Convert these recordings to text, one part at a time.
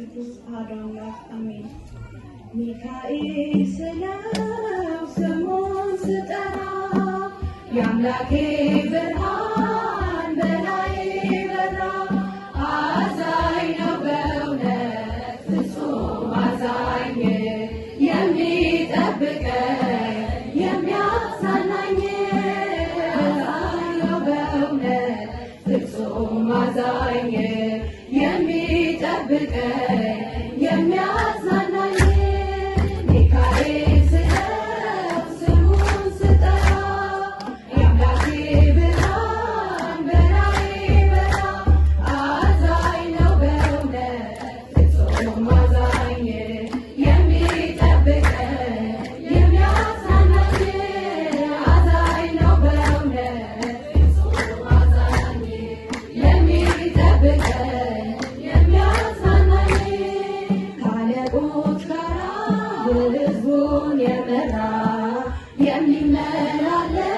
ቅዱስ አሐዱ አምላክ አሜን። ሚካኤል ስለው ስሙን ስጠራ የአምላኬ ብርሃን በላይ በራ። አዛኝ ነው በእውነት ፍጹም አዛኝ የሚጠብቀኝ የሚያሳናኝ አዛኝ ነው በእውነት ፍጹም አዛኝ የሚጠብቀኝ ህዝቡን የመራ የሚመላለስ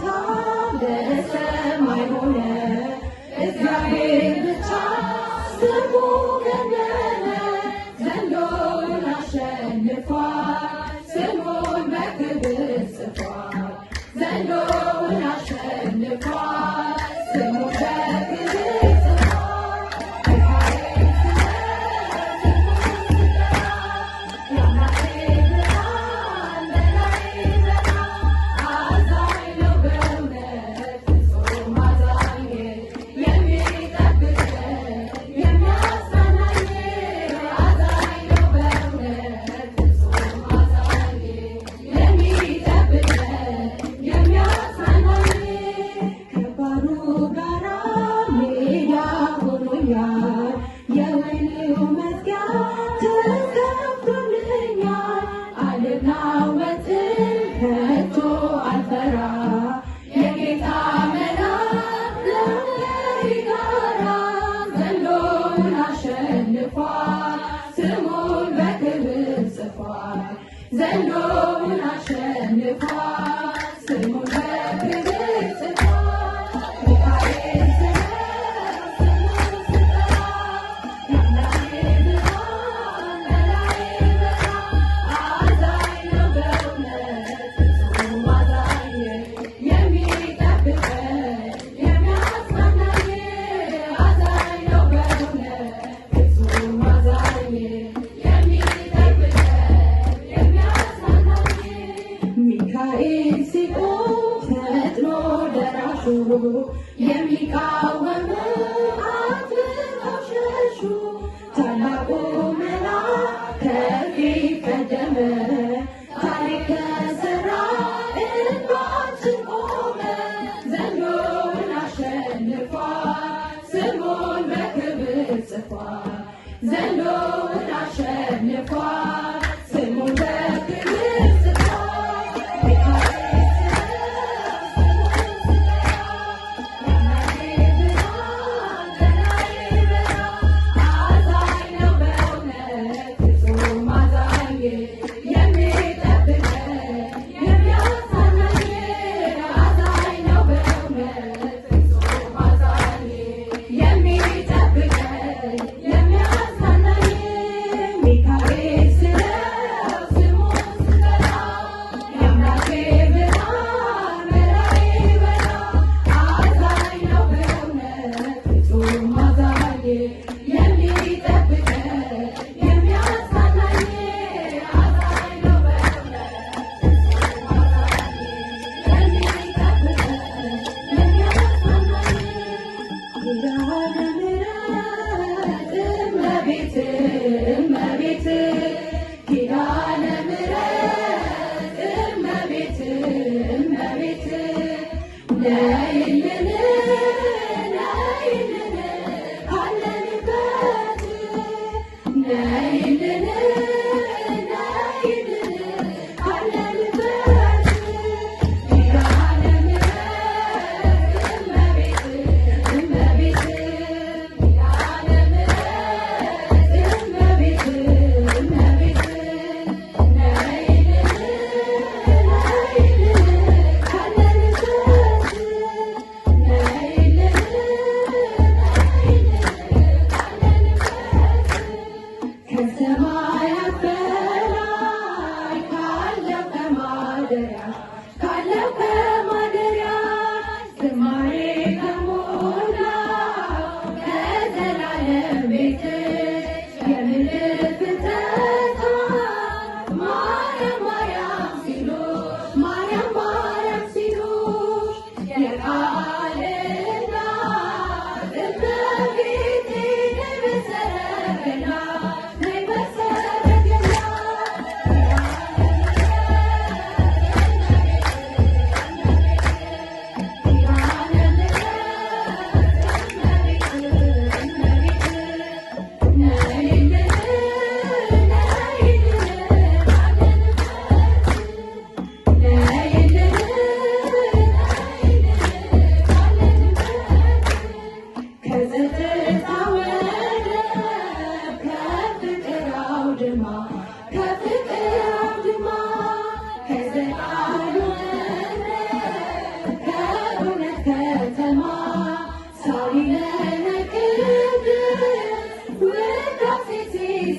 time. Amen.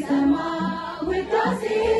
Semah with Dasi.